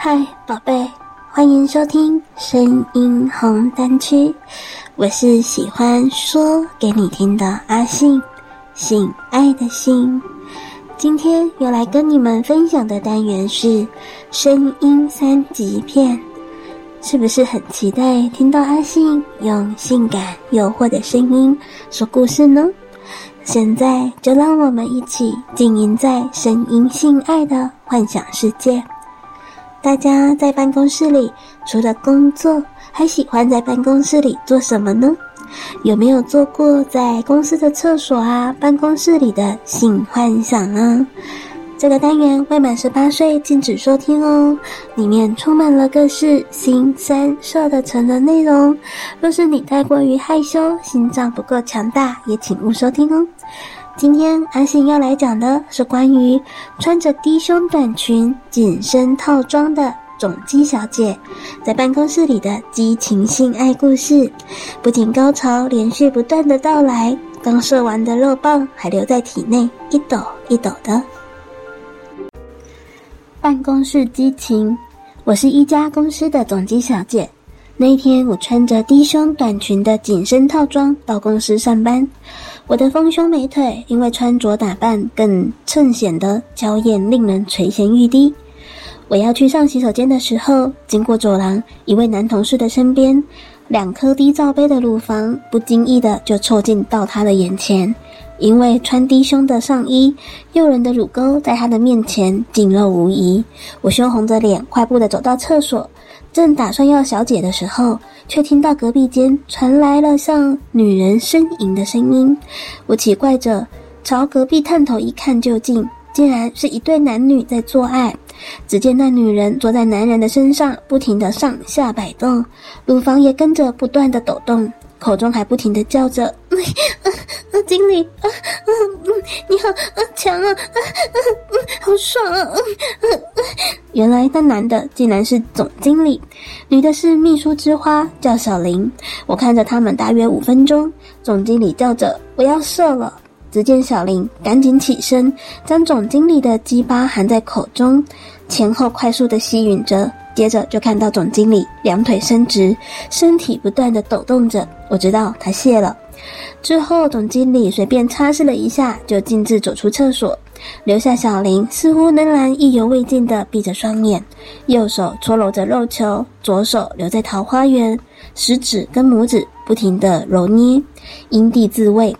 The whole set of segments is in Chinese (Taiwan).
嗨，寶貝，歡迎收聽聲音紅單區，我是喜歡說給你聽的阿性，性愛的性。今天要來跟你們分享的單元是聲音三級片，是不是很期待聽到阿性用性感誘惑的聲音說故事呢？現在就讓我們一起浸淫在聲音性愛的幻想世界。大家在辦公室裡除了工作，還喜歡在辦公室裡做什麼呢？有沒有做過在公司的廁所啊、辦公室裡的性幻想呢？這個單元未滿十八歲禁止收聽哦，裡面充滿了各式性、三、色的成人內容，若是你太過於害羞、心臟不夠強大，也請勿收聽哦。今天阿性要來講的是關於穿着低胸短裙緊身套裝的總機小姐在辦公室裡的激情性愛故事。不僅高潮連續不斷的到來，剛射完的肉棒還留在體內一抖一抖的。辦公室激情，我是一家公司的總機小姐。那天我穿着低胸短裙的緊身套裝到公司上班。我的豐胸美腿，因為穿着打扮更襯顯得嬌豔，令人垂涎欲滴。我要去上洗手間的時候，經過走廊一位男同事的身邊，兩顆低罩杯的乳房不經意的就湊近到他的眼前。因為穿低胸的上衣，誘人的乳溝在他的面前盡露無遺。我羞紅着臉，快步的走到廁所。正打算要小姐的時候，卻聽到隔壁間傳來了像女人呻吟的聲音。我奇怪着朝隔壁探頭一看究竟，竟然是一對男女在做愛。只見那女人坐在男人的身上，不停的上下擺動，乳房也跟着不斷的抖動，口中還不停的叫着。 經、啊、理，啊，嗯嗯，你好，啊強啊，啊啊好爽啊，嗯嗯嗯。原來那男的竟然是總經理，女的是秘書之花，叫小林。我看着他們大約五分鐘，總經理叫着不要射了，只見小林趕緊起身，將總經理的雞巴含在口中，前後快速的吸吮着，接着就看到總經理兩腿伸直，身體不斷的抖動着。我知道他洩了。之後，總經理隨便擦拭了一下，就徑自走出廁所，留下小林，似乎仍然意猶未盡的閉着雙眼，右手搓揉着肉球，左手留在桃花源，食指跟拇指不停的揉捏，因地自慰，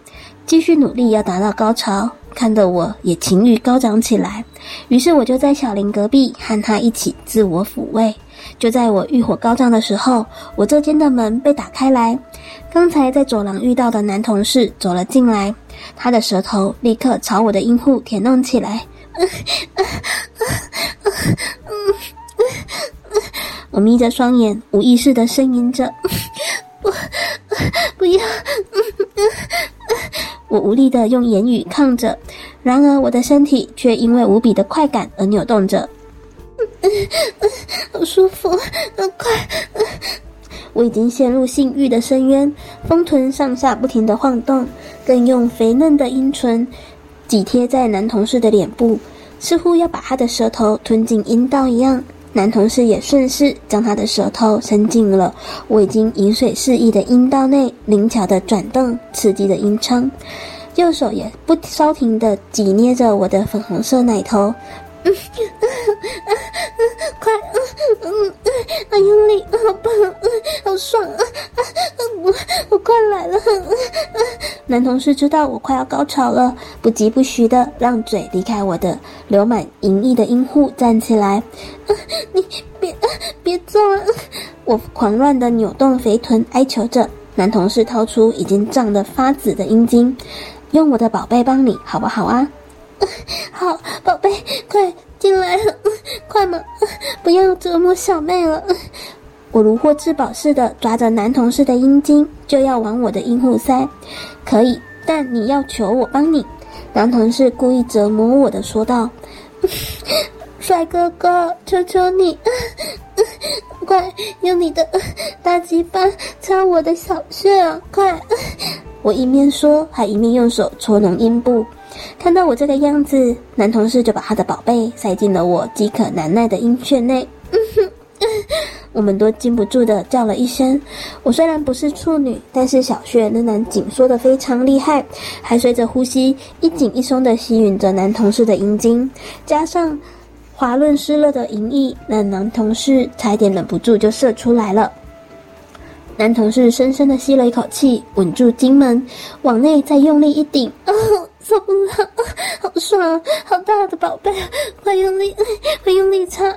繼續努力要達到高潮，看得我也情欲高漲起來。於是我就在小林隔壁和他一起自我撫慰。就在我欲火高漲的時候，我這間的門被打開來。剛才在走廊遇到的男同事走了進來，他的舌頭立刻朝我的陰戶舔弄起來。我眯着雙眼，無意識地呻吟着。我不要！我無力地用言語抗着，然而我的身體卻因為無比的快感而扭動着。好舒服！快！我已經陷入性慾的深淵，豐臀上下不停地晃動，更用肥嫩的陰唇擠貼在男同事的臉部，似乎要把他的舌頭吞進陰道一樣。男同事也順勢將他的舌頭伸進了我已經淫水四溢的陰道內，靈巧的轉動，刺激的陰昌，右手也不稍停地擠捏着我的粉紅色奶頭。嗯，啊、嗯、快，嗯嗯嗯、哎，好用力，好棒，好爽啊！啊我我快來了，啊。男同事知道我快要高潮了，不疾不徐的讓嘴離開我的流滿淫液的陰戶，站起來。你別別做啊！我狂亂的扭動肥臀，哀求着。男同事掏出已經脹得發紫的陰莖，用我的寶貝幫你好不好啊？好，寶貝，快進來了，快嘛，不要折磨小妹了。我如獲至寶似的抓着男同事的陰莖，就要往我的陰戶塞。可以，但你要求我幫你。男同事故意折磨我的說道：“帥哥哥，求求你，快用你的大雞巴插我的小穴啊，快！”我一面說，還一面用手搓弄陰部。看到我這個樣子，男同事就把他的寶貝塞進了我飢渴難耐的陰穴內。 我們都禁不住的叫了一聲。我雖然不是處女，但是小穴仍然緊縮的非常厲害，還隨着呼吸一緊一鬆的吸吮着男同事的陰莖，加上滑潤濕熱的淫液，讓男同事差一點忍不住就射出來了。男同事深深地吸了一口氣，穩住金門，往內再用力一頂，啊、哦，受不了，好爽，好大的寶貝，快用力，快用力擦，嗯。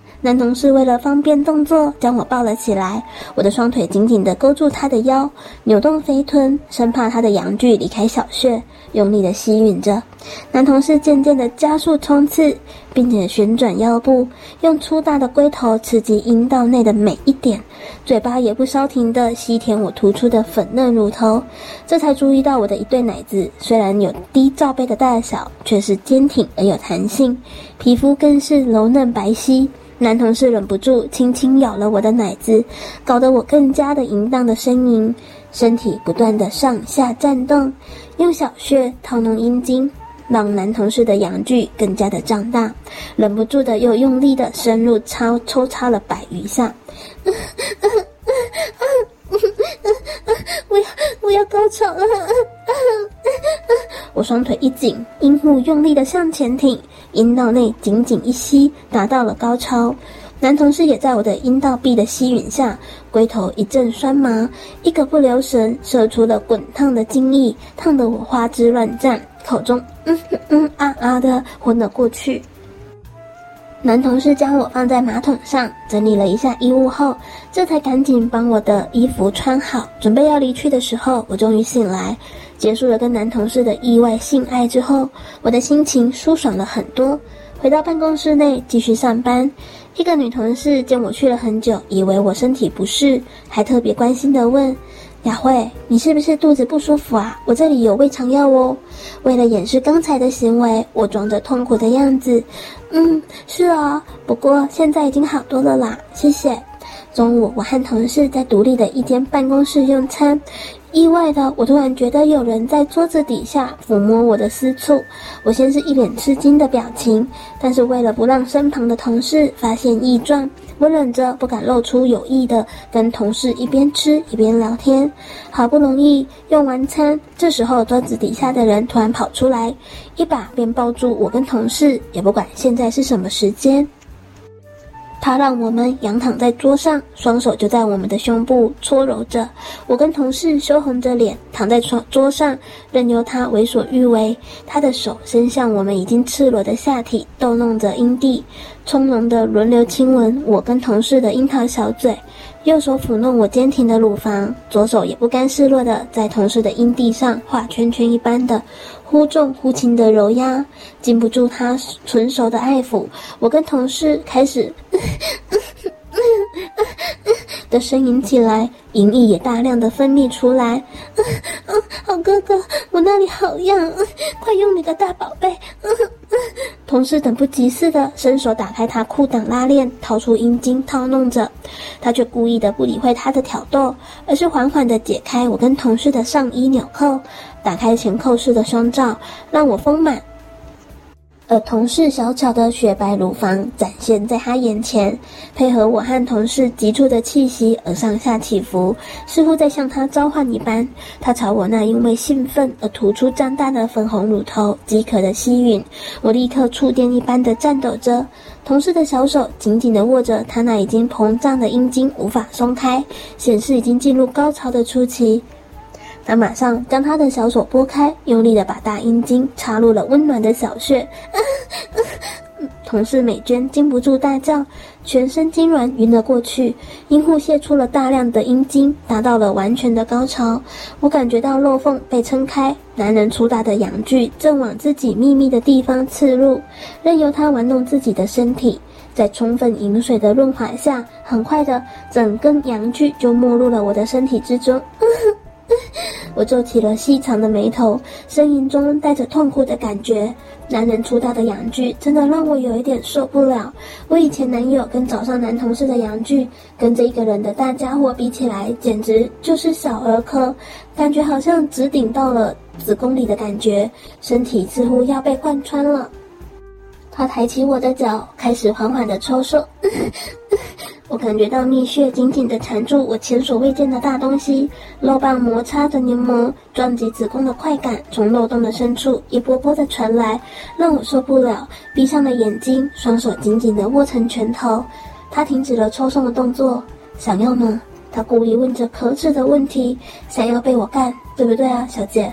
男同事為了方便動作，將我抱了起來，我的雙腿緊緊地勾住他的腰，扭動肥臀，生怕他的陽具離開小穴，用力地吸吮着。男同事漸漸地加速衝刺，並且旋轉腰部，用粗大的龜頭刺激陰道內的每一點，嘴巴也不稍停地吸舔我突出的粉嫩乳頭。這才注意到我的一對奶子，雖然有 D 罩杯的大小，卻是堅挺而有彈性，皮膚更是柔嫩白皙。男同事忍不住輕輕咬了我的奶子，搞得我更加的淫蕩的呻吟，身體不斷的上下顫動，用小穴套弄陰莖，讓男同事的陽具更加的脹大，忍不住的又用力的深入操抽插了百餘下， 我要我要高潮了！ 我雙腿一緊，陰戶用力的向前挺，陰道內緊緊一吸，達到了高潮。男同事也在我的陰道壁的吸吮下，龜頭一陣酸麻，一個不留神射出了滾燙的精液，燙得我花枝亂顫，口中嗯哼嗯啊啊的昏了過去。男同事將我放在馬桶上，整理了一下衣物後，這才趕緊幫我的衣服穿好，準備要離去的時候，我終於醒來。結束了跟男同事的意外性愛之後，我的心情舒爽了很多。回到辦公室內繼續上班，一個女同事見我去了很久，以為我身體不適，還特別關心地問：“雅慧，你是不是肚子不舒服啊？我這裡有胃腸藥哦。”為了掩飾剛才的行為，我裝着痛苦的樣子：“嗯，是哦。不過現在已經好多了啦，謝謝。”中午，我和同事在獨立的一間辦公室用餐。意外的，我突然覺得有人在桌子底下撫摸我的私處。我先是一臉吃驚的表情，但是為了不讓身旁的同事發現異狀，我忍着不敢露出，有意的跟同事一邊吃一邊聊天。好不容易用完餐，這時候桌子底下的人突然跑出來，一把便抱住我跟同事，也不管現在是什麼時間。他讓我們仰躺在桌上，雙手就在我們的胸部搓揉着。我跟同事羞紅着臉躺在桌桌上，任由他為所欲為。他的手伸向我們已經赤裸的下體，逗弄着陰蒂，從容的輪流親吻我跟同事的櫻桃小嘴。右手撫弄我堅挺的乳房，左手也不甘示弱的在同事的陰蒂上畫圈圈一般的，忽重忽輕的揉壓。禁不住他純熟的愛撫，我跟同事開始嗯嗯嗯嗯嗯的呻吟起來，淫液也大量的分泌出來。嗯嗯，好哥哥，我那裡好癢，快用你的大寶貝。嗯嗯。同事等不及似的伸手打開他褲襠拉鏈，掏出陰莖套弄着，他卻故意的不理會他的挑逗，而是緩緩的解開我跟同事的上衣紐扣，打開前扣式的胸罩，讓我豐滿。而同事小巧的雪白乳房展現在他眼前，配合我和同事急促的氣息而上下起伏，似乎在向他召喚一般。他朝我那因為興奮而突出脹大的粉紅乳頭飢渴的吸吮，我立刻觸電一般的顫抖着。同事的小手緊緊地握着他那已經膨脹的陰莖，無法鬆開，顯示已經進入高潮的初期。他馬上將他的小手撥開，用力的把大陰莖插入了溫暖的小穴。 同事美娟禁不住大叫，全身痙攣，暈了過去。陰戶洩出了大量的陰精，達到了完全的高潮。我感覺到肉縫被撐開，男人粗大的陽具正往自己秘密的地方刺入，任由他玩弄自己的身體。在充分淫水的潤滑下，很快的整根陽具就沒入了我的身體之中。 我皺起了細長的眉頭，聲音中帶着痛苦的感覺。男人粗大的陽具真的讓我有一點受不了。我以前男友跟早上男同事的陽具，跟這一個人的大家伙比起來，簡直就是小兒科。感覺好像直頂到了子宮裡的感覺，身體似乎要被貫穿了。他抬起我的腳，開始緩緩的抽送。 我感覺到蜜穴緊緊的纏住我前所未見的大東西，肉棒摩擦着黏膜，撞擊子宮的快感從漏洞的深處一波波的傳來，讓我受不了，閉上了眼睛，雙手緊緊的握成拳頭。他停止了抽送的動作，想要嗎？他故意問着可恥的問題，想要被我幹，對不對啊，小姐？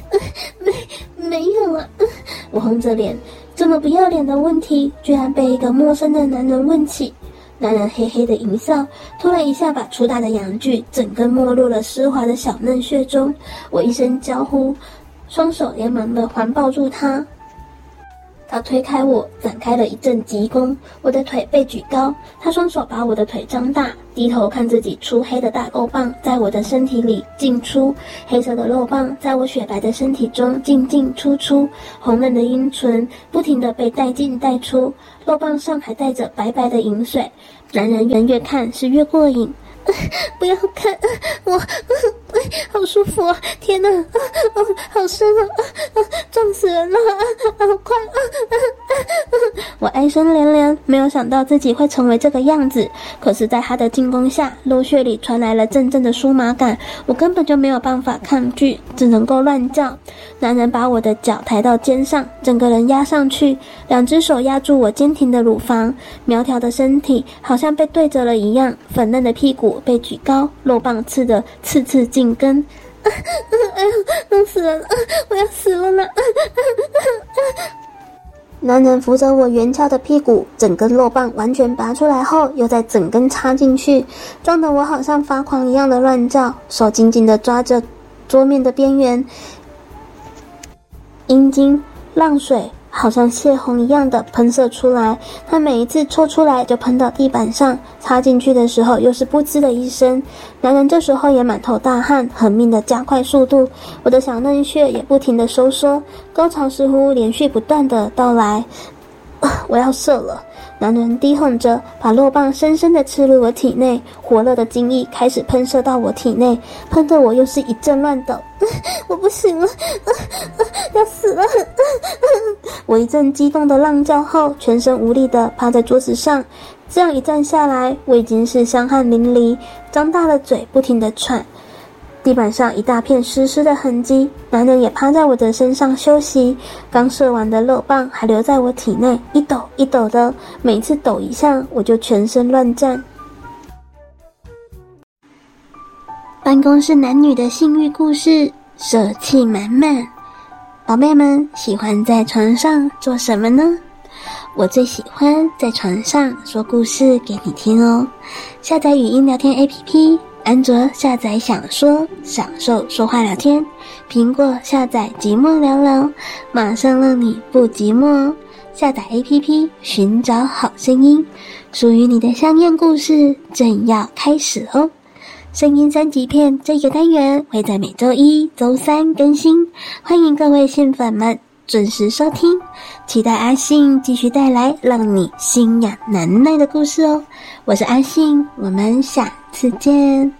沒沒有啊！ 我紅着臉，這麼不要臉的問題，居然被一個陌生的男人問起。男人嘿嘿的淫笑，突然一下把粗大的陽具整個沒入了濕滑的小嫩穴中，我一聲嬌呼，雙手連忙的環抱住他。他推開我，展開了一陣急攻，我的腿被舉高，他雙手把我的腿張大，低頭看自己粗黑的大肉棒在我的身體裡進出，黑色的肉棒在我雪白的身體中進進出出，紅嫩的陰唇不停的被帶進帶出。肉棒上還帶着白白的銀水，男人人越看是越過癮。呵呵，不要看我。哎，好舒服啊！天吶，啊啊，好深啊啊，啊，撞死人了啊，好快啊啊啊啊！我哀聲連連，沒有想到自己會成為這個樣子。可是，在他的進攻下，肉穴裡傳來了陣陣的酥麻感，我根本就沒有辦法抗拒，只能夠亂叫。男人把我的腳抬到肩上，整個人壓上去，兩隻手壓住我堅挺的乳房，苗條的身體好像被對折了一樣，粉嫩的屁股被舉高，肉棒刺的刺刺激緊跟，哎呦，弄死人了！我要死了呢！男人扶着我圓翹的屁股，整根肉棒完全拔出來後，又再整根插進去，撞得我好像發狂一樣的亂叫，手緊緊地抓着桌面的邊緣，陰莖浪水。好像洩洪一樣的噴射出來，他每一次抽出來就噴到地板上，插進去的時候又是“不吱”的一聲。男人這時候也滿頭大汗，狠命的加快速度，我的小嫩穴也不停的收縮，高潮似乎連續不斷的到來。我要射了！男人低吼着，把肉棒深深的刺入我體內，火熱的精液開始噴射到我體內，噴得我又是一陣亂抖。我不行了，要死了！我一陣激動的浪叫後，全身無力的趴在桌子上。這樣一站下來，我已經是香汗淋漓，張大了嘴，不停的喘。地板上一大片濕濕的痕迹，男人也趴在我的身上休息。剛射完的肉棒還留在我體內，一抖一抖的，每一次抖一下我就全身亂顫。辦公室男女的性慾故事，色氣滿滿。寶貝們喜歡在床上做什麼呢？我最喜歡在床上說故事給你聽哦。下載語音聊天 APP。安卓下載“享說享受說話聊天”，蘋果下載“寂寞聊聊”，馬上讓你不寂寞哦！下載 APP 尋找好聲音，屬於你的香艷故事正要開始哦！聲音三級片這個單元會在每周一、周三更新，歡迎各位性粉們準時收聽，期待阿性繼續帶來讓你心癢難耐的故事哦！我是阿性，我們下。再見。